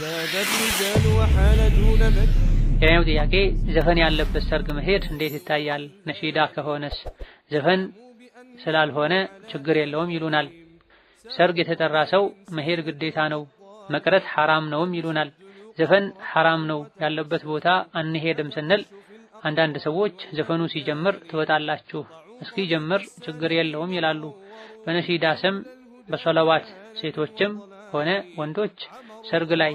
ሌላኛው ጥያቄ ዘፈን ያለበት ሰርግ መሄድ እንዴት ይታያል? ነሺዳ ከሆነስ? ዘፈን ስላልሆነ ችግር የለውም ይሉናል። ሰርግ የተጠራ ሰው መሄድ ግዴታ ነው፣ መቅረት ሐራም ነውም ይሉናል። ዘፈን ሐራም ነው ያለበት ቦታ አንሄድም ስንል አንዳንድ ሰዎች ዘፈኑ ሲጀምር ትወጣላችሁ፣ እስኪ ጀምር ችግር የለውም ይላሉ። በነሺዳ ስም በሰለዋት ሴቶችም ሆነ ወንዶች ሰርግ ላይ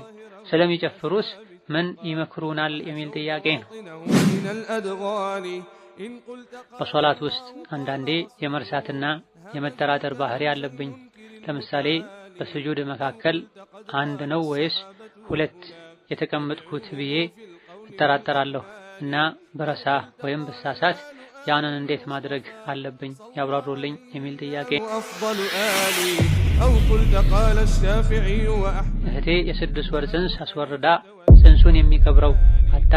ስለሚጨፍሩስ ምን ይመክሩናል የሚል ጥያቄ ነው። በሶላት ውስጥ አንዳንዴ የመርሳትና የመጠራጠር ባህሪ አለብኝ። ለምሳሌ በስጁድ መካከል አንድ ነው ወይስ ሁለት የተቀመጥኩት ብዬ እጠራጠራለሁ እና በረሳ ወይም በሳሳት ያንን እንዴት ማድረግ አለብኝ ያብራሩልኝ የሚል ጥያቄ أو قلت قال الشافعي እህቴ የስድስት ወር ጽንስ አስወርዳ ጽንሱን የሚቀብረው አታ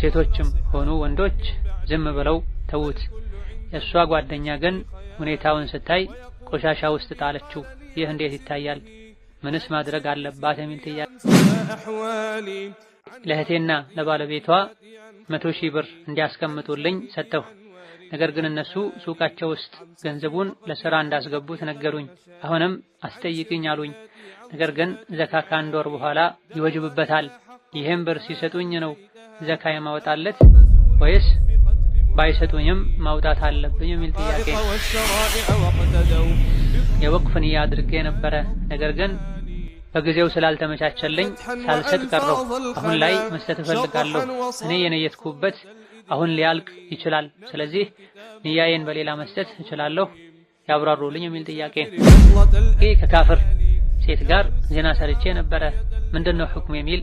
ሴቶችም ሆኑ ወንዶች ዝም ብለው ተዉት። የእሷ ጓደኛ ግን ሁኔታውን ስታይ ቆሻሻ ውስጥ ጣለችው። ይህ እንዴት ይታያል? ምንስ ማድረግ አለባት? የሚል ጥያቄ ለእህቴና ለባለቤቷ መቶ ሺህ ብር እንዲያስቀምጡልኝ ሰጠሁ። ነገር ግን እነሱ ሱቃቸው ውስጥ ገንዘቡን ለስራ እንዳስገቡት ነገሩኝ። አሁንም አስጠይቅኝ አሉኝ። ነገር ግን ዘካ ከአንድ ወር በኋላ ይወጅብበታል። ይህም ብር ሲሰጡኝ ነው ዘካ የማወጣለት ወይስ ባይሰጡኝም ማውጣት አለብኝ? የሚል ጥያቄ። የወቅፍ ንያ አድርጌ ነበረ ነገር ግን በጊዜው ስላልተመቻቸልኝ ሳልሰጥ ቀረው። አሁን ላይ መስጠት እፈልጋለሁ። እኔ የነየትኩበት አሁን ሊያልቅ ይችላል። ስለዚህ ንያዬን በሌላ መስጠት እችላለሁ ያብራሩልኝ የሚል ጥያቄ። ይህ ከካፍር ሴት ጋር ዜና ሰርቼ ነበረ ምንድን ነው ሕክሙ የሚል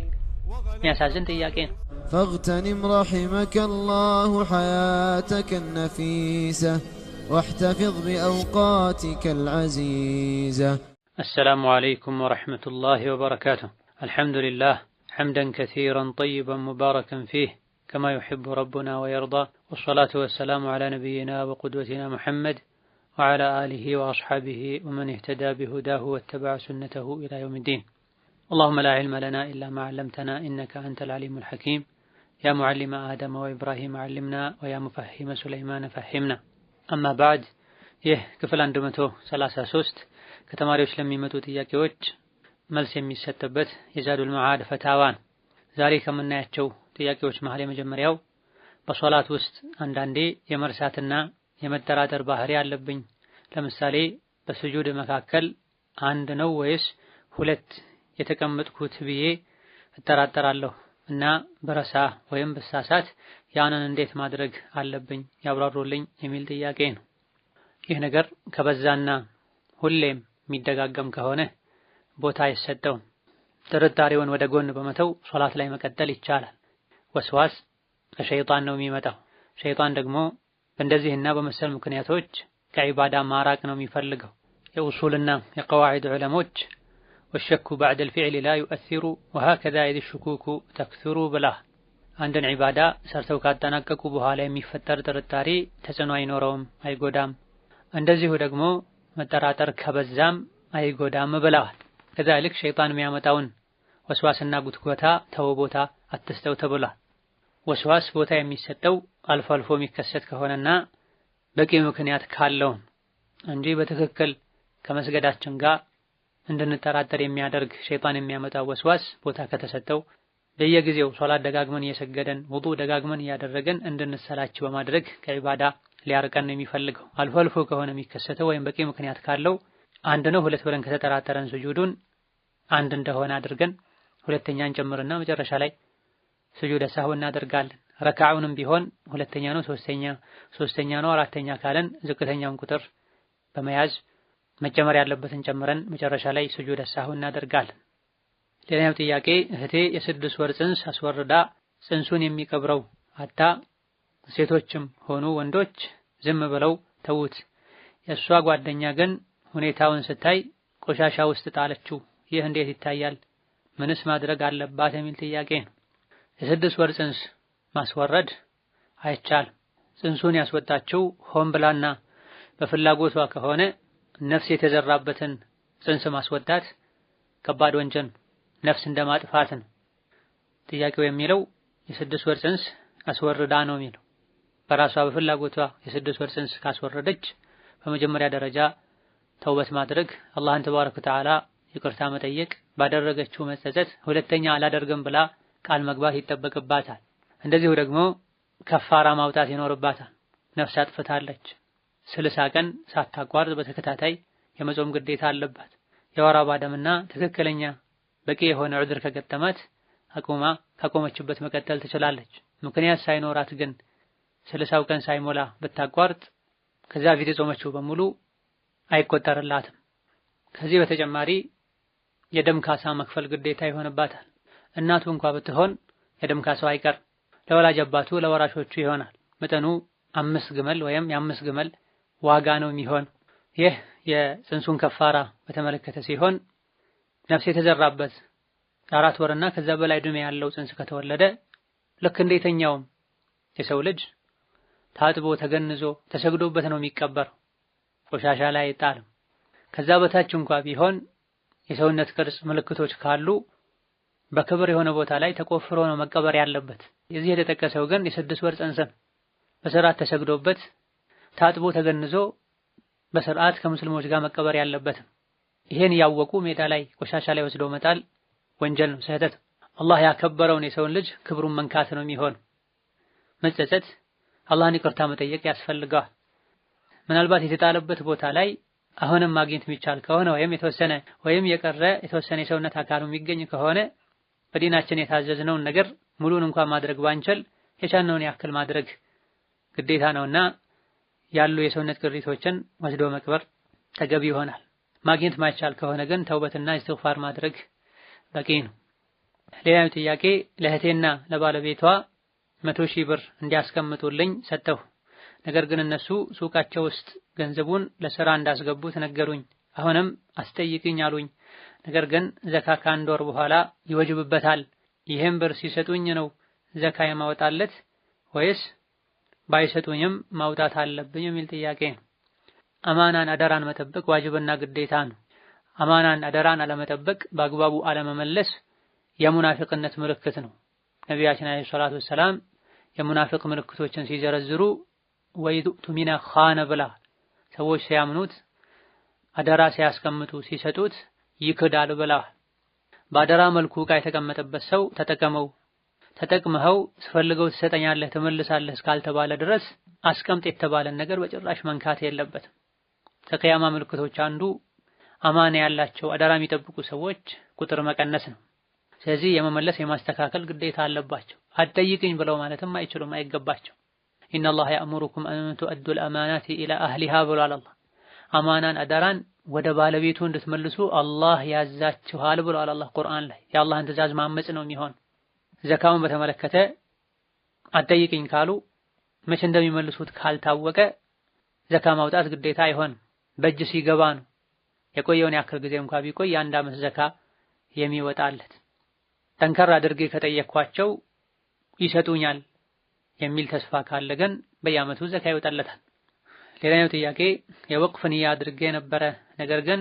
የሚያሳዝን ጥያቄ ነው። ፈግተኒም ረሒመከ ላሁ ሐያተከ ነፊሰ ወሕተፊዝ ቢአውቃቲከ ልዐዚዘ። አሰላሙ ዓለይኩም ወረሕመቱላሂ ወበረካቱሁ። አልሐምዱሊላህ ሐምደን ከሲረን ጠይበን ሙባረከን ፊህ كما يحب ربنا ويرضى والصلاة والسلام على نبينا وقدوتنا محمد وعلى آله وأصحابه ومن اهتدى بهداه واتبع سنته إلى يوم الدين اللهم لا علم لنا إلا ما علمتنا إنك أنت العليم الحكيم يا معلم آدم وإبراهيم علمنا ويا مفهم سليمان فهمنا أما بعد كتماري ክፍል 133 ከተማሪዎች ለሚመጡ ملسي ميستبت يزاد المعاد فتاوان ذلك من ከምናያቸው ጥያቄዎች መሀል የመጀመሪያው በሶላት ውስጥ አንዳንዴ የመርሳትና የመጠራጠር ባህሪ አለብኝ። ለምሳሌ በስጁድ መካከል አንድ ነው ወይስ ሁለት የተቀመጥኩት ብዬ እጠራጠራለሁ እና በረሳ ወይም ብሳሳት ያንን እንዴት ማድረግ አለብኝ ያብራሩልኝ የሚል ጥያቄ ነው። ይህ ነገር ከበዛና ሁሌም የሚደጋገም ከሆነ ቦታ አይሰጠውም። ጥርጣሬውን ወደ ጎን በመተው ሶላት ላይ መቀጠል ይቻላል። ወስዋስ ከሸይጣን ነው የሚመጣው። ሸይጣን ደግሞ በእንደዚህና በመሰል ምክንያቶች ከዒባዳ ማራቅ ነው የሚፈልገው። የኡሱልና የቀዋዒድ ዑለሞች ወሸኩ ባዕደል ፊዕሊ ላ ዩአሲሩ ወሀከዛ ኢዝ ሹኩኩ ተክሱሩ ብላ አንድን ዒባዳ ሰርተው ካጠናቀቁ በኋላ የሚፈጠር ጥርጣሬ ተጽዕኖ አይኖረውም፣ አይጎዳም። እንደዚሁ ደግሞ መጠራጠር ከበዛም አይጎዳም ብለዋል። ከዛልክ ሸይጣን የሚያመጣውን ወስዋስና ጉትጎታ ተው ቦታ አትስተው ተብሏል። ወስዋስ ቦታ የሚሰጠው አልፎ አልፎ የሚከሰት ከሆነና በቂ ምክንያት ካለው እንጂ በትክክል ከመስገዳችን ጋር እንድንጠራጠር የሚያደርግ ሸይጣን የሚያመጣው ወስዋስ ቦታ ከተሰጠው በየጊዜው ሶላት ደጋግመን እየሰገደን ውጡ ደጋግመን እያደረገን እንድንሰላች በማድረግ ከዒባዳ ሊያርቀን የሚፈልገው አልፎ አልፎ ከሆነ የሚከሰተው ወይም በቂ ምክንያት ካለው አንድ ነው ሁለት ብለን ከተጠራጠረን ስጁዱን አንድ እንደሆነ አድርገን ሁለተኛን ጨምርና መጨረሻ ላይ ስጁድ ሰህው እናደርጋለን። ረካዑንም ቢሆን ሁለተኛ ነው ሶስተኛ ሶስተኛ ነው አራተኛ ካለን ዝቅተኛውን ቁጥር በመያዝ መጨመር ያለበትን ጨምረን መጨረሻ ላይ ስጁድ ሰህው እናደርጋለን። ሌላኛው ጥያቄ እህቴ የስድስት ወር ጽንስ አስወርዳ ጽንሱን የሚቀብረው አታ ሴቶችም ሆኑ ወንዶች ዝም ብለው ተዉት። የእሷ ጓደኛ ግን ሁኔታውን ስታይ ቆሻሻ ውስጥ ጣለችው። ይህ እንዴት ይታያል? ምንስ ማድረግ አለባት? የሚል ጥያቄ ነው። የስድስት ወር ጽንስ ማስወረድ አይቻልም። ጽንሱን ያስወጣችው ሆን ብላና በፍላጎቷ ከሆነ ነፍስ የተዘራበትን ጽንስ ማስወጣት ከባድ ወንጀል ነፍስ እንደማጥፋት ነው። ጥያቄው የሚለው የስድስት ወር ጽንስ አስወርዳ ነው የሚለው። በራሷ በፍላጎቷ የስድስት ወር ጽንስ ካስወረደች በመጀመሪያ ደረጃ ተውበት ማድረግ፣ አላህን ተባረከ ወተዓላ ይቅርታ መጠየቅ፣ ባደረገችው መጸጸት፣ ሁለተኛ አላደርግም ብላ ቃል መግባት ይጠበቅባታል። እንደዚሁ ደግሞ ከፋራ ማውጣት ይኖርባታል። ነፍስ አጥፍታለች፣ ስልሳ ቀን ሳታቋርጥ በተከታታይ የመጾም ግዴታ አለባት። የወር አበባ ደምና ትክክለኛ በቂ የሆነ ዑድር ከገጠማት አቁማ ካቆመችበት መቀጠል ትችላለች። ምክንያት ሳይኖራት ግን ስልሳው ቀን ሳይሞላ ብታቋርጥ ከዛ ፊት የጾመችው በሙሉ አይቆጠርላትም። ከዚህ በተጨማሪ የደም ካሳ መክፈል ግዴታ ይሆንባታል። እናቱ እንኳ ብትሆን የደም ካሳው አይቀር ለወላጅ አባቱ ለወራሾቹ ይሆናል። መጠኑ አምስት ግመል ወይም የአምስት ግመል ዋጋ ነው የሚሆን። ይህ የጽንሱን ከፋራ በተመለከተ ሲሆን ነፍስ የተዘራበት አራት ወርና ከዛ በላይ ዕድሜ ያለው ጽንስ ከተወለደ ልክ እንደየትኛውም የሰው ልጅ ታጥቦ ተገንዞ ተሰግዶበት ነው የሚቀበር። ቆሻሻ ላይ አይጣልም። ከዛ በታች እንኳ ቢሆን የሰውነት ቅርጽ ምልክቶች ካሉ በክብር የሆነ ቦታ ላይ ተቆፍሮ ነው መቀበር ያለበት። የዚህ የተጠቀሰው ግን የስድስት ወር ጽንስን በስርዓት ተሰግዶበት ታጥቦ ተገንዞ በስርዓት ከሙስሊሞች ጋር መቀበር ያለበት። ይሄን ያወቁ ሜዳ ላይ ቆሻሻ ላይ ወስዶ መጣል ወንጀል ነው፣ ስህተት። አላህ ያከበረውን የሰውን ልጅ ክብሩን መንካት ነው የሚሆን። መጸጸት፣ አላህን ይቅርታ መጠየቅ ያስፈልገዋል። ምናልባት የተጣለበት ቦታ ላይ አሁንም ማግኘት የሚቻል ከሆነ ወይም የተወሰነ ወይም የቀረ የተወሰነ የሰውነት አካሉ የሚገኝ ከሆነ በዲናችን የታዘዝነውን ነገር ሙሉን እንኳን ማድረግ ባንችል የቻልነውን ያክል ማድረግ ግዴታ ነውና ያሉ የሰውነት ቅሪቶችን ወስዶ መቅበር ተገቢ ይሆናል። ማግኘት ማይቻል ከሆነ ግን ተውበትና ኢስቲግፋር ማድረግ በቂ ነው። ሌላው ጥያቄ ለእህቴና ለባለቤቷ መቶ ሺህ ብር እንዲያስቀምጡልኝ ሰጠሁ። ነገር ግን እነሱ ሱቃቸው ውስጥ ገንዘቡን ለስራ እንዳስገቡት ነገሩኝ። አሁንም አስጠይቅኝ አሉኝ። ነገር ግን ዘካ ከአንድ ወር በኋላ ይወጅብበታል። ይህም ብር ሲሰጡኝ ነው ዘካ የማወጣለት ወይስ ባይሰጡኝም ማውጣት አለብኝ የሚል ጥያቄ ነው። አማናን አደራን መጠበቅ ዋጅብና ግዴታ ነው። አማናን አደራን አለመጠበቅ በአግባቡ አለመመለስ የሙናፊቅነት ምልክት ነው። ነቢያችን አለይሂ ሰላቱ ወሰላም የሙናፊቅ ምልክቶችን ሲዘረዝሩ ወይ ቱሚና ኻነ ብላ ሰዎች ሲያምኑት አደራ ሲያስቀምጡ ሲሰጡት ይክዳል ብላ ባደራ መልኩ እቃ የተቀመጠበት ሰው ተጠቀመው ተጠቅመኸው ስፈልገው ትሰጠኛለህ ትመልሳለህ እስካልተባለ ድረስ አስቀምጥ የተባለን ነገር በጭራሽ መንካት የለበትም። ከቅያማ ምልክቶች አንዱ አማና ያላቸው አደራ የሚጠብቁ ሰዎች ቁጥር መቀነስ ነው። ስለዚህ የመመለስ የማስተካከል ግዴታ አለባቸው። አትጠይቅኝ ብለው ማለትም አይችሉም፣ አይገባቸው። ኢነላህ ያእሙሩኩም አንቱአዱል አማናቲ ኢላ አህሊሃ ብሏል አላህ አማናን አደራን ወደ ባለቤቱ እንድትመልሱ አላህ ያዛችኋል ብለዋል። አላህ ቁርአን ላይ የአላህን ትእዛዝ ማመጽ ነው የሚሆን። ዘካውን በተመለከተ አጠይቅኝ ካሉ መቼ እንደሚመልሱት ካልታወቀ ዘካ ማውጣት ግዴታ አይሆንም። በእጅ ሲገባ ነው የቆየውን ያክል ጊዜ እንኳ ቢቆይ የአንድ ዓመት ዘካ የሚወጣለት። ጠንከር አድርጌ ከጠየኳቸው ይሰጡኛል የሚል ተስፋ ካለ ግን በየዓመቱ ዘካ ይወጣለታል። ሌላኛው ጥያቄ የወቅፍ ንያ አድርጌ ነበረ፣ ነገር ግን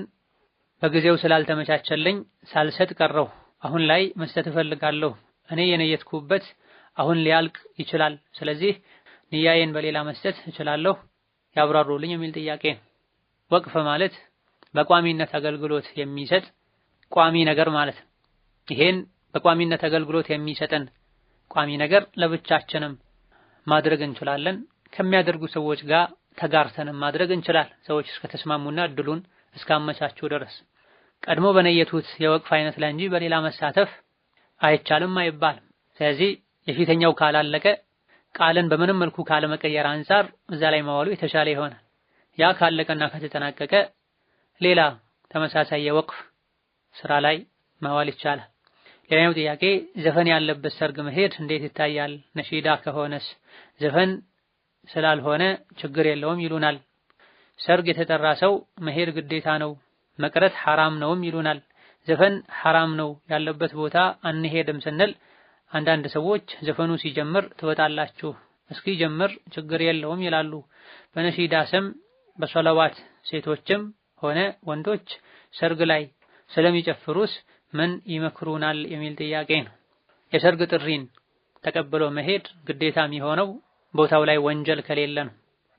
በጊዜው ስላልተመቻቸልኝ ሳልሰጥ ቀረሁ። አሁን ላይ መስጠት እፈልጋለሁ። እኔ የነየትኩበት አሁን ሊያልቅ ይችላል። ስለዚህ ንያዬን በሌላ መስጠት እችላለሁ? ያብራሩልኝ የሚል ጥያቄ። ወቅፍ ማለት በቋሚነት አገልግሎት የሚሰጥ ቋሚ ነገር ማለት ነው። ይሄን በቋሚነት አገልግሎት የሚሰጥን ቋሚ ነገር ለብቻችንም ማድረግ እንችላለን። ከሚያደርጉ ሰዎች ጋር ተጋርተንም ማድረግ እንችላል። ሰዎች እስከተስማሙና እድሉን እስካመቻቸው ድረስ ቀድሞ በነየቱት የወቅፍ አይነት ላይ እንጂ በሌላ መሳተፍ አይቻልም አይባልም። ስለዚህ የፊተኛው ካላለቀ ቃልን በምንም መልኩ ካለመቀየር አንጻር እዛ ላይ መዋሉ የተሻለ ይሆናል። ያ ካለቀና ከተጠናቀቀ ሌላ ተመሳሳይ የወቅፍ ስራ ላይ መዋል ይቻላል። ሌላኛው ጥያቄ ዘፈን ያለበት ሰርግ መሄድ እንዴት ይታያል? ነሺዳ ከሆነስ ዘፈን ስላልሆነ ችግር የለውም ይሉናል። ሰርግ የተጠራ ሰው መሄድ ግዴታ ነው፣ መቅረት ሐራም ነውም ይሉናል። ዘፈን ሐራም ነው ያለበት ቦታ አንሄድም ስንል አንዳንድ ሰዎች ዘፈኑ ሲጀምር ትወጣላችሁ፣ እስኪ ጀምር ችግር የለውም ይላሉ። በነሺዳ ስም በሰለዋት ሴቶችም ሆነ ወንዶች ሰርግ ላይ ስለሚጨፍሩስ ምን ይመክሩናል የሚል ጥያቄ ነው። የሰርግ ጥሪን ተቀብሎ መሄድ ግዴታ የሚሆነው ቦታው ላይ ወንጀል ከሌለ ነው።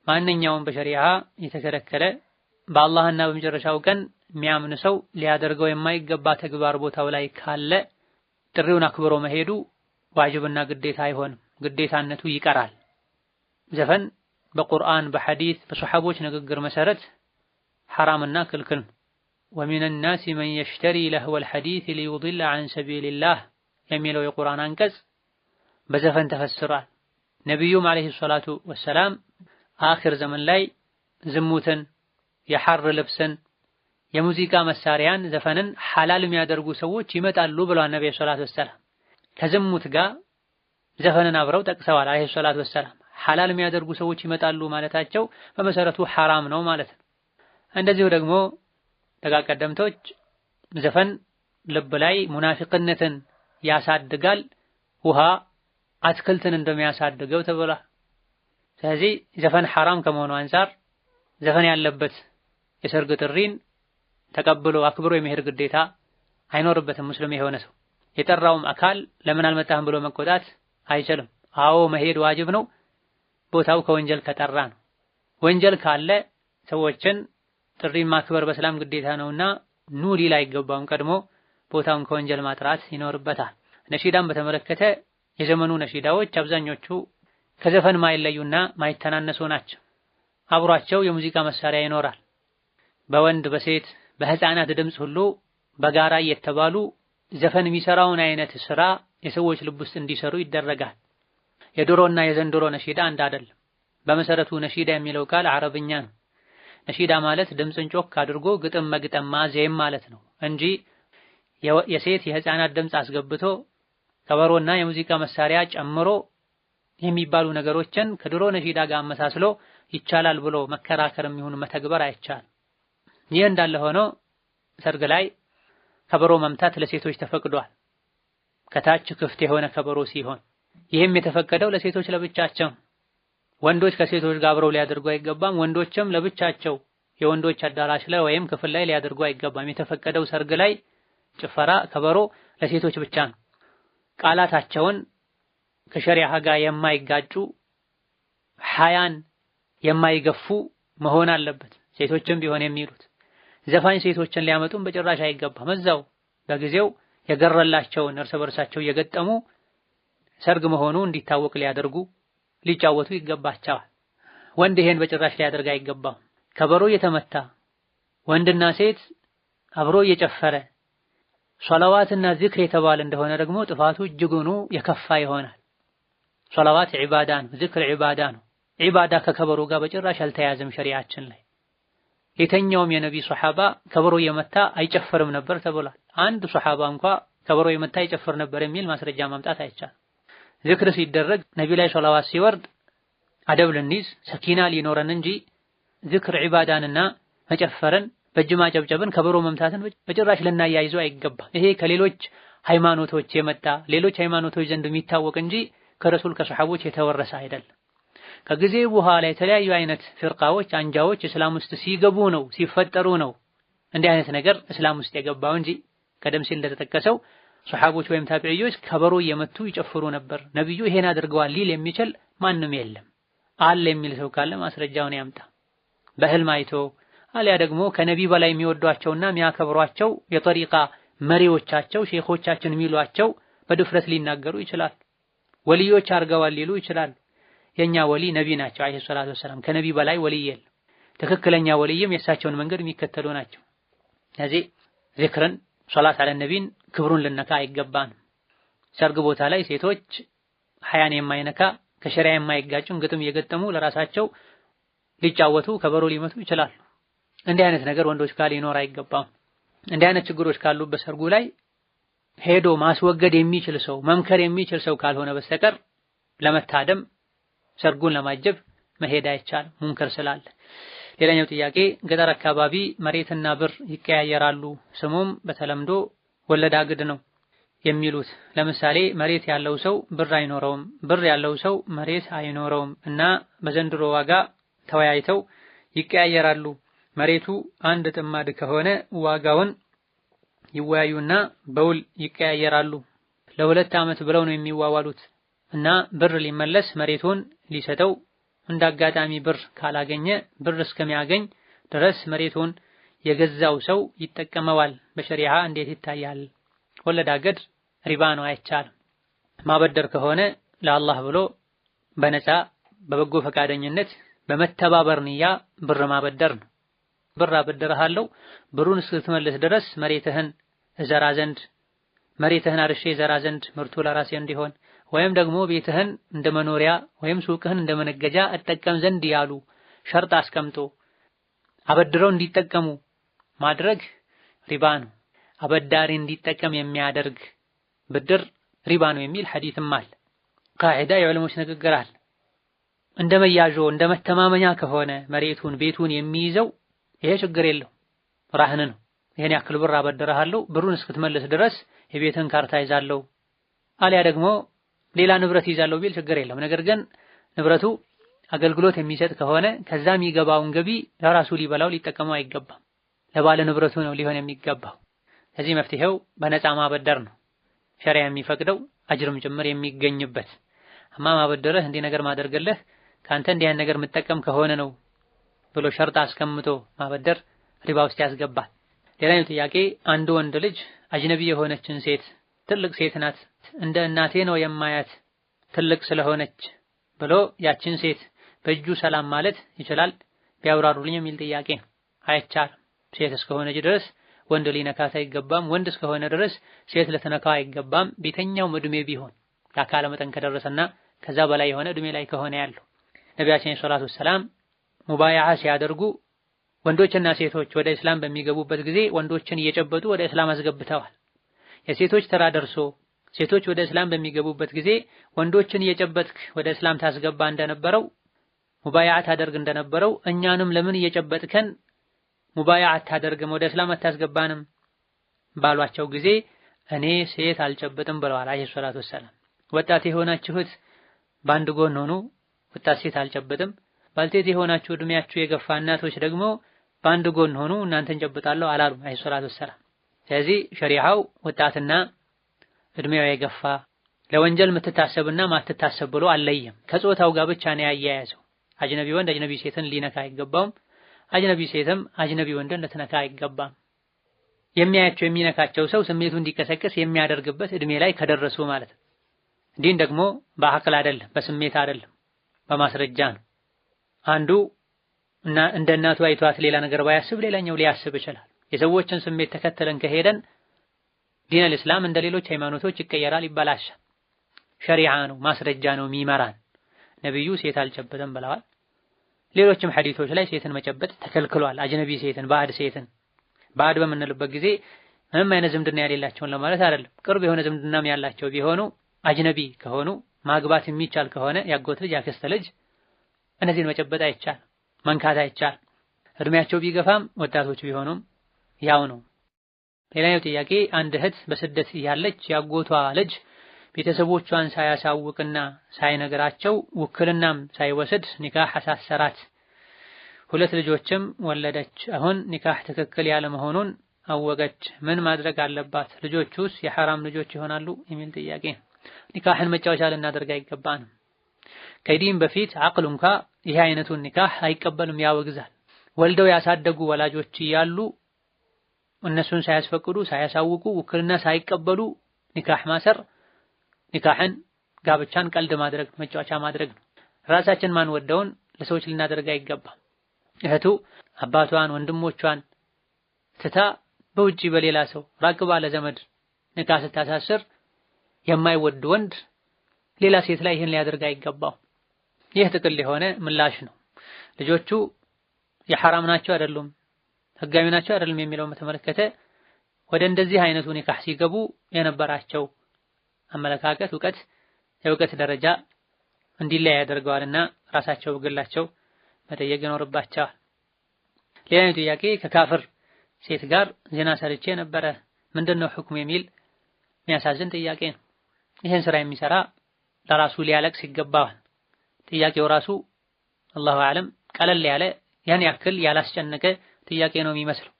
ማንኛውም በሸሪዓ የተከለከለ በአላህና በመጨረሻው ቀን የሚያምን ሰው ሊያደርገው የማይገባ ተግባር ቦታው ላይ ካለ ጥሪውን አክብሮ መሄዱ ዋጅብና ግዴታ አይሆንም፣ ግዴታነቱ ይቀራል። ዘፈን በቁርአን በሐዲስ በሰሐቦች ንግግር መሰረት ሐራምና ክልክል ወሚን ናሲ መን የሽተሪ ለህወል ሐዲስ ሊዩድል ዐን ሰቢልላህ የሚለው የቁርአን አንቀጽ በዘፈን ተፈስሯል። ነቢዩም ዓለይሂ ሰላቱ ወሰላም አኺር ዘመን ላይ ዝሙትን፣ የሐር ልብስን፣ የሙዚቃ መሳሪያን፣ ዘፈንን ሐላል የሚያደርጉ ሰዎች ይመጣሉ ብለዋል። ነቢዩ ሰላቱ ወሰላም ከዝሙት ጋር ዘፈንን አብረው ጠቅሰዋል። ዓለይሂ ሰላቱ ወሰላም ሐላል የሚያደርጉ ሰዎች ይመጣሉ ማለታቸው በመሰረቱ ሐራም ነው ማለት ነው። እንደዚሁ ደግሞ ደጋ ዘፈን ልብ ላይ ሙናፊቅነትን ያሳድጋል ውሃ አትክልትን እንደሚያሳድገው ተብሏል። ስለዚህ ዘፈን ሐራም ከመሆኑ አንፃር ዘፈን ያለበት የሰርግ ጥሪን ተቀብሎ አክብሮ የመሄድ ግዴታ አይኖርበትም። ሙስሊም የሆነ ሰው የጠራውም አካል ለምን አልመጣህም ብሎ መቆጣት አይችልም። አዎ መሄድ ዋጅብ ነው፣ ቦታው ከወንጀል ከጠራ ነው። ወንጀል ካለ ሰዎችን ጥሪን ማክበር በሰላም ግዴታ ነውና ኑ ሊል አይገባውም። ቀድሞ ቦታውን ከወንጀል ማጥራት ይኖርበታል። ነሺዳን በተመለከተ የዘመኑ ነሺዳዎች አብዛኞቹ ከዘፈን ማይለዩና ማይተናነሱ ናቸው። አብሯቸው የሙዚቃ መሳሪያ ይኖራል። በወንድ በሴት በህፃናት ድምፅ ሁሉ በጋራ እየተባሉ ዘፈን የሚሰራውን አይነት ስራ የሰዎች ልብ ውስጥ እንዲሰሩ ይደረጋል። የድሮና የዘንድሮ ነሺዳ አንድ አይደለም። በመሰረቱ ነሺዳ የሚለው ቃል አረብኛ ነው። ነሺዳ ማለት ድምፅን ጮክ አድርጎ ግጥም መግጠም ማዜም ማለት ነው እንጂ የሴት የህፃናት ድምፅ አስገብቶ ከበሮና የሙዚቃ መሳሪያ ጨምሮ የሚባሉ ነገሮችን ከድሮ ነሺዳ ጋር አመሳስሎ ይቻላል ብሎ መከራከር የሚሆኑ መተግበር አይቻል። ይህ እንዳለ ሆኖ ሰርግ ላይ ከበሮ መምታት ለሴቶች ተፈቅዷል። ከታች ክፍት የሆነ ከበሮ ሲሆን ይህም የተፈቀደው ለሴቶች ለብቻቸው፣ ወንዶች ከሴቶች ጋር አብረው ሊያደርጉ አይገባም። ወንዶችም ለብቻቸው የወንዶች አዳራሽ ላይ ወይም ክፍል ላይ ሊያደርጉ አይገባም። የተፈቀደው ሰርግ ላይ ጭፈራ፣ ከበሮ ለሴቶች ብቻ ነው። ቃላታቸውን ከሸሪዓ ጋር የማይጋጩ ሐያን የማይገፉ መሆን አለበት። ሴቶችም ቢሆን የሚሉት ዘፋኝ ሴቶችን ሊያመጡም በጭራሽ አይገባም። እዛው በጊዜው የገረላቸውን እርስ በርሳቸው እየገጠሙ ሰርግ መሆኑ እንዲታወቅ ሊያደርጉ ሊጫወቱ ይገባቸዋል። ወንድ ይሄን በጭራሽ ሊያደርግ አይገባም። ከበሮ እየተመታ ወንድና ሴት አብሮ እየጨፈረ ሶላዋትና ዚክር የተባለ እንደሆነ ደግሞ ጥፋቱ እጅጉኑ የከፋ ይሆናል። ሶላዋት ዒባዳ ነው፣ ዚክር ዒባዳ ነው። ዒባዳ ከከበሮ ጋር በጭራሽ አልተያዘም ሸሪዓችን ላይ። የተኛውም የነቢ ሶሓባ ከበሮ የመታ አይጨፍርም ነበር ተብሏል። አንድ ሶሓባ እንኳ ከበሮ የመታ አይጨፍር ነበር የሚል ማስረጃ ማምጣት አይቻልም። ዚክር ሲደረግ ነቢ ላይ ሶላዋት ሲወርድ አደብ ልንይዝ ሰኪና ሊኖረን እንጂ ዚክር ዒባዳንና መጨፈርን በእጅ ማጨብጨብን ከበሮ መምታትን በጭራሽ ልናያይዘው አይገባ። ይሄ ከሌሎች ሃይማኖቶች የመጣ ሌሎች ሃይማኖቶች ዘንድ የሚታወቅ እንጂ ከረሱል ከሰሐቦች የተወረሰ አይደለም። ከጊዜ በኋላ የተለያዩ አይነት ፍርቃዎች፣ አንጃዎች እስላም ውስጥ ሲገቡ ነው ሲፈጠሩ ነው እንዲህ አይነት ነገር እስላም ውስጥ የገባው እንጂ ቀደም ሲል እንደተጠቀሰው ሰሐቦች ወይም ታቢዒዎች ከበሮ እየመቱ ይጨፍሩ ነበር። ነብዩ ይሄን አድርገዋል ሊል የሚችል ማንም የለም። አለ የሚል ሰው ካለ ማስረጃውን ያምጣ። በህልም አይቶ አሊያ ደግሞ ከነቢ በላይ የሚወዷቸውና የሚያከብሯቸው የጠሪቃ መሪዎቻቸው ሼኾቻችን የሚሏቸው በድፍረት ሊናገሩ ይችላል። ወልዮች አድርገዋል ሊሉ ይችላል። የኛ ወሊ ነቢ ናቸው አለይሂ ሰላቱ ወሰላም። ከነቢ በላይ ወልይ የለም። ትክክለኛ ወልይም የእሳቸውን መንገድ የሚከተሉ ናቸው። ስለዚህ ዚክርን፣ ሶላት አለ ነቢን ክብሩን ልነካ አይገባንም። ሰርግ ቦታ ላይ ሴቶች ሀያን የማይነካ ከሸሪያ የማይጋጭም ግጥም እየገጠሙ ለራሳቸው ሊጫወቱ ከበሮ ሊመቱ ይችላሉ። እንዲህ አይነት ነገር ወንዶች ጋር ሊኖር አይገባም። እንዲህ አይነት ችግሮች ካሉበት ሰርጉ ላይ ሄዶ ማስወገድ የሚችል ሰው መምከር የሚችል ሰው ካልሆነ በስተቀር ለመታደም ሰርጉን ለማጀብ መሄድ አይቻልም፣ ሙንከር ስላለ። ሌላኛው ጥያቄ ገጠር አካባቢ መሬትና ብር ይቀያየራሉ፣ ስሙም በተለምዶ ግድ ነው የሚሉት። ለምሳሌ መሬት ያለው ሰው ብር አይኖረውም፣ ብር ያለው ሰው መሬት አይኖረውም እና በዘንድሮ ዋጋ ተወያይተው ይቀያየራሉ መሬቱ አንድ ጥማድ ከሆነ ዋጋውን ይወያዩና በውል ይቀያየራሉ። ለሁለት ዓመት ብለው ነው የሚዋዋሉት እና ብር ሊመለስ መሬቱን ሊሰጠው እንደ አጋጣሚ ብር ካላገኘ ብር እስከሚያገኝ ድረስ መሬቱን የገዛው ሰው ይጠቀመዋል። በሸሪዓ እንዴት ይታያል? ወለድ አገድ ሪባ ነው፣ አይቻልም። ማበደር ከሆነ ለአላህ ብሎ በነፃ በበጎ ፈቃደኝነት በመተባበር ንያ ብር ማበደር ነው። ብር አበድርሃለሁ ብሩን እስክትመልስ ድረስ መሬትህን እዘራ ዘንድ መሬትህን አርሼ እዘራ ዘንድ ምርቱ ለራሴ እንዲሆን ወይም ደግሞ ቤትህን እንደ መኖሪያ ወይም ሱቅህን እንደ መነገጃ እጠቀም ዘንድ ያሉ ሸርጥ አስቀምጦ አበድረው እንዲጠቀሙ ማድረግ ሪባ ነው። አበዳሪ እንዲጠቀም የሚያደርግ ብድር ሪባ ነው የሚል ሐዲትም አለ። ቃዒዳ የዑለሞች ንግግር አለ። እንደ መያዦ እንደ መተማመኛ ከሆነ መሬቱን ቤቱን የሚይዘው ይሄ ችግር የለው ራህን ነው ይሄን ያክል ብር አበድርሃለሁ ብሩን እስክትመልስ ድረስ የቤትን ካርታ ይዛለሁ አሊያ ደግሞ ሌላ ንብረት ይዛለሁ ቢል ችግር የለም። ነገር ግን ንብረቱ አገልግሎት የሚሰጥ ከሆነ ከዛ የሚገባውን ገቢ ለራሱ ሊበላው ሊጠቀመው አይገባም። ለባለ ንብረቱ ነው ሊሆን የሚገባው። ከዚህ መፍትሄው በነፃ ማበደር ነው ሸሪያ የሚፈቅደው አጅርም ጭምር የሚገኝበት። አማ ማበደርህ እንዲህ ነገር ማደርገለህ ከአንተ እንዲህ ነገር የምጠቀም ከሆነ ነው ብሎ ሸርጥ አስቀምጦ ማበደር ሪባ ውስጥ ያስገባል። ሌላኛው ጥያቄ አንድ ወንድ ልጅ አጅነቢ የሆነችን ሴት ትልቅ ሴት ናት፣ እንደ እናቴ ነው የማያት ትልቅ ስለሆነች ብሎ ያችን ሴት በእጁ ሰላም ማለት ይችላል ቢያብራሩልኝ የሚል ጥያቄ አይቻልም። ሴት እስከሆነች ድረስ ወንድ ሊነካት አይገባም። ወንድ እስከሆነ ድረስ ሴት ለተነካ አይገባም። ቤተኛውም እድሜ ቢሆን የአካለ መጠን ከደረሰና ከዛ በላይ የሆነ እድሜ ላይ ከሆነ ያለው ነቢያችን ሰላቱ ሰላም ሙባያዓ ሲያደርጉ ወንዶችና ሴቶች ወደ እስላም በሚገቡበት ጊዜ ወንዶችን እየጨበጡ ወደ እስላም አስገብተዋል። የሴቶች ተራ ደርሶ ሴቶች ወደ እስላም በሚገቡበት ጊዜ ወንዶችን እየጨበጥክ ወደ እስላም ታስገባ እንደነበረው ሙባያዓ ታደርግ እንደነበረው እኛንም ለምን እየጨበጥከን ሙባያ አታደርግም ወደ እስላም አታስገባንም ባሏቸው ጊዜ እኔ ሴት አልጨብጥም ብለዋል አይሂ ሰላቱ ወሰላም። ወጣት የሆናችሁት በአንድ ጎን ሆኑ፣ ወጣት ሴት አልጨብጥም ባልቴት የሆናችሁ እድሜያችሁ የገፋ እናቶች ደግሞ በአንድ ጎን ሆኑ እናንተን ጨብጣለሁ አላሉም አለይሂ ሰላቱ ወሰላም። ስለዚህ ሸሪዓው ወጣትና እድሜው የገፋ ለወንጀል የምትታሰብና ማትታሰብ ብሎ አለየም። ከጾታው ጋር ብቻ ነው ያያያዘው። አጅነቢ ወንድ አጅነቢ ሴትን ሊነካ አይገባውም። አጅነቢ ሴትም አጅነቢ ወንድን ልትነካ አይገባም። የሚያያቸው የሚነካቸው ሰው ስሜቱ እንዲቀሰቀስ የሚያደርግበት እድሜ ላይ ከደረሱ ማለት ነው። ዲን ደግሞ በአቅል አይደለም፣ በስሜት አይደለም፣ በማስረጃ ነው። አንዱ እና እንደ እናቱ አይቷት ሌላ ነገር ባያስብ ሌላኛው ሊያስብ ይችላል። የሰዎችን ስሜት ተከተለን ከሄደን ዲነል እስላም እንደ ሌሎች ሃይማኖቶች ይቀየራል፣ ይበላሻል። ሸሪዓ ነው ማስረጃ ነው የሚመራን። ነብዩ ሴት አልጨበጠም ብለዋል። ሌሎችም ሐዲቶች ላይ ሴትን መጨበጥ ተከልክሏል። አጅነቢ ሴትን፣ ባዕድ ሴትን ባዕድ በምንልበት ጊዜ ምንም አይነት ዝምድና ያሌላቸውን ለማለት አይደለም። ቅርብ የሆነ ዝምድናም ያላቸው ቢሆኑ አጅነቢ ከሆኑ ማግባት የሚቻል ከሆነ ያጎት ልጅ ያክስተ ልጅ እነዚህን መጨበጥ አይቻል፣ መንካት አይቻል። እድሜያቸው ቢገፋም ወጣቶች ቢሆኑም ያው ነው። ሌላኛው ጥያቄ አንድ እህት በስደት ያለች ያጎቷ ልጅ ቤተሰቦቿን ሳያሳውቅና ሳይነግራቸው ውክልናም ሳይወስድ ኒካህ አሳሰራት። ሁለት ልጆችም ወለደች። አሁን ኒካህ ትክክል ያለ መሆኑን አወቀች። ምን ማድረግ አለባት? ልጆቹስ የሐራም ልጆች ይሆናሉ? የሚል ጥያቄ። ኒካህን መጫወቻ ልናደርግ አይገባንም። ከዲን በፊት አቅል እንኳ ይሄ አይነቱን ኒካህ አይቀበልም፣ ያወግዛል። ወልደው ያሳደጉ ወላጆች እያሉ እነሱን ሳያስፈቅዱ ሳያሳውቁ ውክልና ሳይቀበሉ ኒካህ ማሰር ኒካህን ጋብቻን ቀልድ ማድረግ መጫወቻ ማድረግ ነው። ራሳችን ማንወደውን ለሰዎች ልናደርግ አይገባም። እህቱ አባቷን ወንድሞቿን ትታ በውጪ በሌላ ሰው ራቅ ባለ ዘመድ ኒካህ ስታሳስር የማይወድ ወንድ ሌላ ሴት ላይ ይህን ሊያደርግ አይገባው። ይህ ጥቅል የሆነ ምላሽ ነው። ልጆቹ የሐራም ናቸው አይደሉም፣ ህጋዊ ናቸው አይደሉም የሚለውን በተመለከተ ወደ እንደዚህ አይነቱ ኒካህ ሲገቡ የነበራቸው አመለካከት እውቀት የእውቀት ደረጃ እንዲለያይ ያደርገዋልና ራሳቸው በግላቸው መጠየቅ ይኖርባቸዋል። ሌላኛው ጥያቄ ከካፍር ሴት ጋር ዜና ሰርቼ ነበረ ምንድነው ሁክም የሚል የሚያሳዝን ጥያቄ ነው። ይህን ስራ የሚሰራ ለራሱ ሊያለቅስ ይገባዋል። ጥያቄው ራሱ አላሁ አለም ቀለል ያለ ያን ያክል ያላስጨነቀ ጥያቄ ነው የሚመስለው።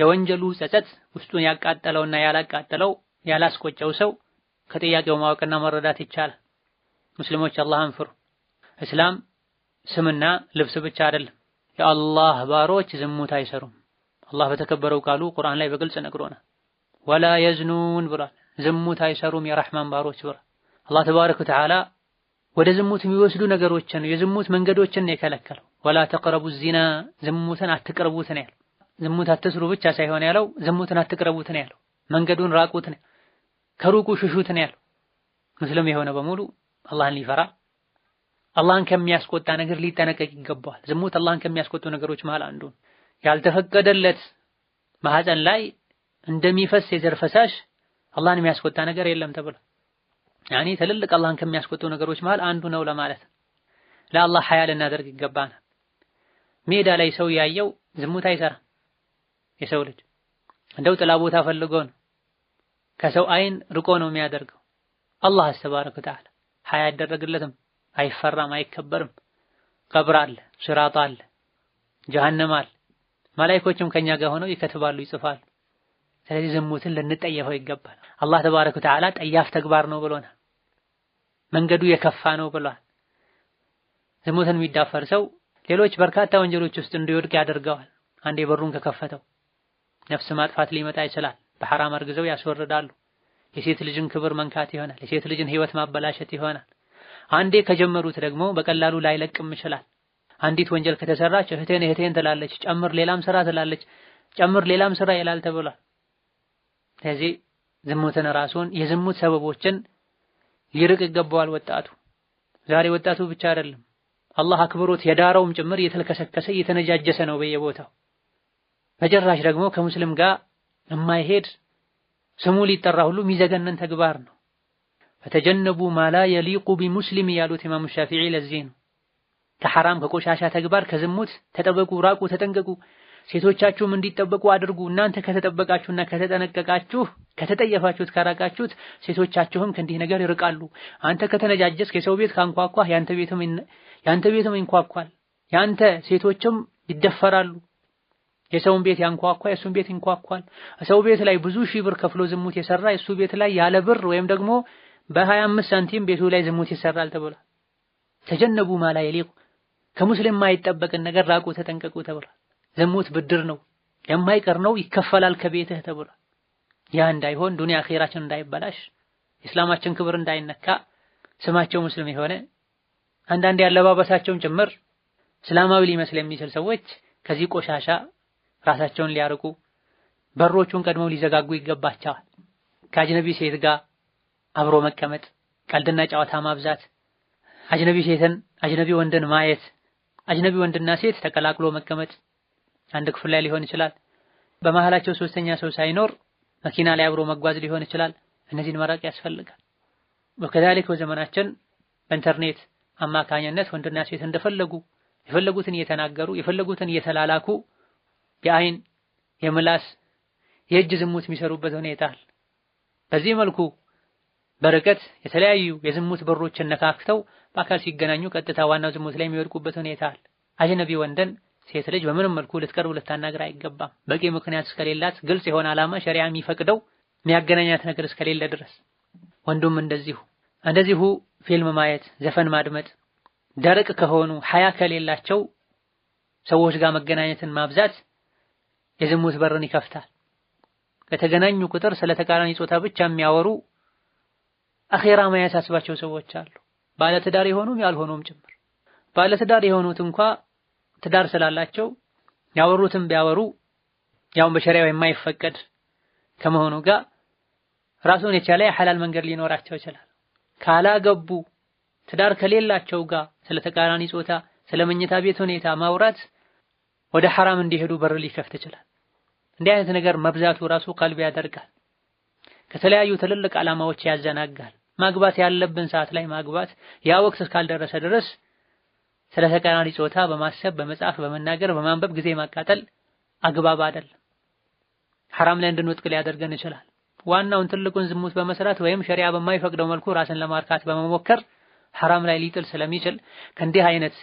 የወንጀሉ ጸጸት ውስጡን ያቃጠለውና ያላቃጠለው ያላስቆጨው ሰው ከጥያቄው ማወቅና መረዳት ይቻላል። ሙስሊሞች አላህን ፍሩ። እስላም ስምና ልብስ ብቻ አይደለም። የአላህ ባሮች ዝሙት አይሰሩም። አላህ በተከበረው ቃሉ ቁርአን ላይ በግልጽ ነግሮናል። ወላ የዝኑን ብሏል። ዝሙት አይሰሩም የረህማን ባሮች ብሏል። አላህ ተባረከ ወተዓላ ወደ ዝሙት የሚወስዱ ነገሮችን የዝሙት መንገዶችን ነው የከለከለው። ወላ ተቅረቡ ዚና ዝሙትን አትቅርቡት ነው ያለው። ዝሙት አትስሩ ብቻ ሳይሆን ያለው ዝሙትን አትቅረቡት ነው ያለው። መንገዱን ራቁት ነው ከሩቁ ሽሹት ነው ያለው። ሙስሊም የሆነ በሙሉ አላህን ሊፈራ አላህን ከሚያስቆጣ ነገር ሊጠነቀቅ ይገባዋል። ዝሙት አላህን ከሚያስቆጡ ነገሮች መሃል አንዱ ያልተፈቀደለት ማህፀን ላይ እንደሚፈስ የዘር ፈሳሽ አላህን የሚያስቆጣ ነገር የለም ተብሏል። ያኔ ትልልቅ አላህን ከሚያስቆጡ ነገሮች መሃል አንዱ ነው ለማለት ለአላህ ሀያ ልናደርግ ይገባናል። ሜዳ ላይ ሰው ያየው ዝሙት አይሰራም። የሰው ልጅ እንደው ጥላ ቦታ ፈልጎ ነው ከሰው አይን ርቆ ነው የሚያደርገው። አላህ አስተባረከ ወተዓላ ሐያ አይደረግለትም፣ አይፈራም፣ አይከበርም። ቀብር አለ፣ ሲራጥ አለ፣ ጀሀነም አለ። መላኢኮችም ከኛ ጋር ሆነው ይከትባሉ፣ ይጽፋሉ። ስለዚህ ዝሙትን ልንጠየፈው ይገባል። አላህ ተባረከ ወተዓላ ጠያፍ ተግባር ነው ብሎናል። መንገዱ የከፋ ነው ብሏል። ዝሙትን የሚዳፈር ሰው ሌሎች በርካታ ወንጀሎች ውስጥ እንዲወድቅ ያደርገዋል። አንዴ በሩን ከከፈተው ነፍስ ማጥፋት ሊመጣ ይችላል። በሐራም አርግዘው ያስወርዳሉ። የሴት ልጅን ክብር መንካት ይሆናል። የሴት ልጅን ህይወት ማበላሸት ይሆናል። አንዴ ከጀመሩት ደግሞ በቀላሉ ላይለቅም ይችላል። አንዲት ወንጀል ከተሰራች እህቴን እህቴን ትላለች፣ ጨምር ሌላም ስራ ትላለች፣ ጨምር ሌላም ስራ ይላል ተብሏል። ስለዚህ ዝሙትን ራሱን የዝሙት ሰበቦችን ሊርቅ ይገባዋል ወጣቱ። ዛሬ ወጣቱ ብቻ አይደለም አላህ አክብሮት የዳረውም ጭምር እየተልከሰከሰ እየተነጃጀሰ ነው በየቦታው። በጭራሽ ደግሞ ከሙስሊም ጋር የማይሄድ ስሙ ሊጠራ ሁሉ የሚዘገነን ተግባር ነው። ፈተጀነቡ ማላ የሊቁ ቢሙስሊም ያሉት ኢማሙ ሻፊዒ ለዚህ ነው። ከሐራም ከቆሻሻ ተግባር ከዝሙት ተጠበቁ፣ ራቁ፣ ተጠንቀቁ ሴቶቻችሁም እንዲጠበቁ አድርጉ። እናንተ ከተጠበቃችሁና ከተጠነቀቃችሁ ከተጠየፋችሁት ከራቃችሁት ሴቶቻችሁም ከእንዲህ ነገር ይርቃሉ። አንተ ከተነጃጀስ የሰው ቤት ካንኳኳ ያንተ ቤትም ያንተ ቤትም ይንኳኳል። ያንተ ሴቶችም ይደፈራሉ። የሰውን ቤት ያንኳኳ የእሱን ቤት ይንኳኳል። ሰው ቤት ላይ ብዙ ሺህ ብር ከፍሎ ዝሙት የሰራ የእሱ ቤት ላይ ያለ ብር ወይም ደግሞ በ25 ሳንቲም ቤቱ ላይ ዝሙት ይሰራል ተብሏል። ተጀነቡ ማላ የሊቁ ከሙስሊም ማይጠበቅን ነገር ራቁ፣ ተጠንቀቁ ተብሏል። ዝሙት ብድር ነው የማይቀር ነው ይከፈላል ከቤትህ ተብሏል። ያ እንዳይሆን ዱንያ አኼራችን እንዳይበላሽ ኢስላማችን ክብር እንዳይነካ ስማቸው ሙስሊም የሆነ አንዳንዴ አለባበሳቸውን ጭምር እስላማዊ ሊመስል የሚችል ሰዎች ከዚህ ቆሻሻ ራሳቸውን ሊያርቁ በሮቹን ቀድመው ሊዘጋጉ ይገባቸዋል። ከአጅነቢ ሴት ጋር አብሮ መቀመጥ፣ ቀልድና ጨዋታ ማብዛት፣ አጅነቢ ሴትን አጅነቢ ወንድን ማየት፣ አጅነቢ ወንድና ሴት ተቀላቅሎ መቀመጥ አንድ ክፍል ላይ ሊሆን ይችላል። በመሃላቸው ሶስተኛ ሰው ሳይኖር መኪና ላይ አብሮ መጓዝ ሊሆን ይችላል። እነዚህን መራቅ ያስፈልጋል። ወከዛሊክ በዘመናችን በኢንተርኔት አማካኝነት ወንድና ሴት እንደፈለጉ የፈለጉትን እየተናገሩ የፈለጉትን እየተላላኩ የአይን የምላስ የእጅ ዝሙት የሚሰሩበት ሁኔታ አለ። በዚህ መልኩ በርቀት የተለያዩ የዝሙት በሮችን ነካክተው በአካል ሲገናኙ ቀጥታ ዋናው ዝሙት ላይ የሚወድቁበት ሁኔታ አለ። አጅነቢ ወንድን ሴት ልጅ በምንም መልኩ ልትቀርብ ልታናግር አይገባም። በቂ ምክንያት እስከሌላት ግልጽ የሆነ ዓላማ ሸሪያ የሚፈቅደው የሚያገናኛት ነገር እስከሌለ ድረስ ወንዱም እንደዚሁ እንደዚሁ ፊልም ማየት፣ ዘፈን ማድመጥ ደረቅ ከሆኑ ሀያ ከሌላቸው ሰዎች ጋር መገናኘትን ማብዛት የዝሙት በርን ይከፍታል። ከተገናኙ ቁጥር ስለ ተቃራኒ ጾታ ብቻ የሚያወሩ አኼራ ማያሳስባቸው ሰዎች አሉ። ባለትዳር የሆኑም ያልሆኑም ጭምር ባለትዳር የሆኑት እንኳ ትዳር ስላላቸው ያወሩትም ቢያወሩ ያውን በሸሪያው የማይፈቀድ ከመሆኑ ጋር ራሱን የቻለ የሐላል መንገድ ሊኖራቸው ይችላል። ካላገቡ ትዳር ከሌላቸው ጋር ስለ ተቃራኒ ጾታ፣ ስለ መኝታ ቤት ሁኔታ ማውራት ወደ ሐራም እንዲሄዱ በር ሊከፍት ይችላል። እንዲህ አይነት ነገር መብዛቱ ራሱ ቀልብ ያደርጋል፣ ከተለያዩ ትልልቅ ዓላማዎች ያዘናጋል። ማግባት ያለብን ሰዓት ላይ ማግባት ያ ወቅት እስካልደረሰ ድረስ ስለ ተቃራኒ ጾታ በማሰብ በመጻፍ በመናገር በማንበብ ጊዜ ማቃጠል አግባብ አይደለም። ሐራም ላይ እንድንወጥቅ ሊያደርገን ይችላል። ዋናውን ትልቁን ዝሙት በመስራት ወይም ሸሪያ በማይፈቅደው መልኩ ራስን ለማርካት በመሞከር ሐራም ላይ ሊጥል ስለሚችል ከእንዲህ አይነት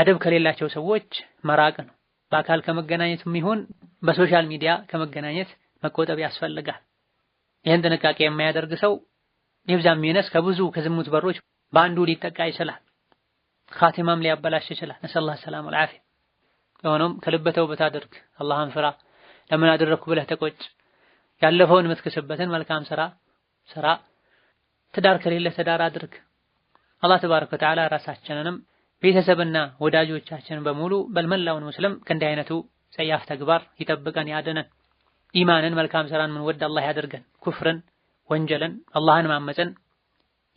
አደብ ከሌላቸው ሰዎች መራቅ ነው። በአካል ከመገናኘት የሚሆን በሶሻል ሚዲያ ከመገናኘት መቆጠብ ያስፈልጋል። ይህን ጥንቃቄ የማያደርግ ሰው ይብዛም ይነስ ከብዙ ከዝሙት በሮች በአንዱ ሊጠቃ ይችላል። ካቲማም ሊያበላሽ ይችላል። ነሰላ ሰላም አልዓፊያ። ሆኖም ከልብ ተውበት አድርግ፣ አላህን ፍራ። ለምን አደረግኩ ብለህ ተቆጭ። ያለፈውን የምትክስበትን መልካም ስራ ስራ። ትዳር ከሌለ ትዳር አድርግ። አላህ ተባረከ ወተዓላ ራሳችንንም ቤተሰብና ወዳጆቻችን በሙሉ በመላውን ሙስሊም ከእንዲህ አይነቱ ጸያፍ ተግባር ይጠብቀን ያድነን። ኢማንን መልካም ስራን የምንወድ አላህ ያደርገን። ኩፍርን፣ ወንጀልን፣ አላህን ማመፅን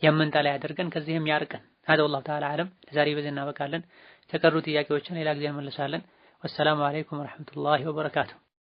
የምንጠላ ያደርገን፣ ከዚህም ያርቀን። هذا والله ተዓላ أعلم ለዛሬ በዚህ እናበቃለን። የተቀሩ ጥያቄዎችን ሌላ ጊዜ እንመልሳለን። ወሰላሙ አለይኩም ወረሕመቱላሂ ወበረካቱሁ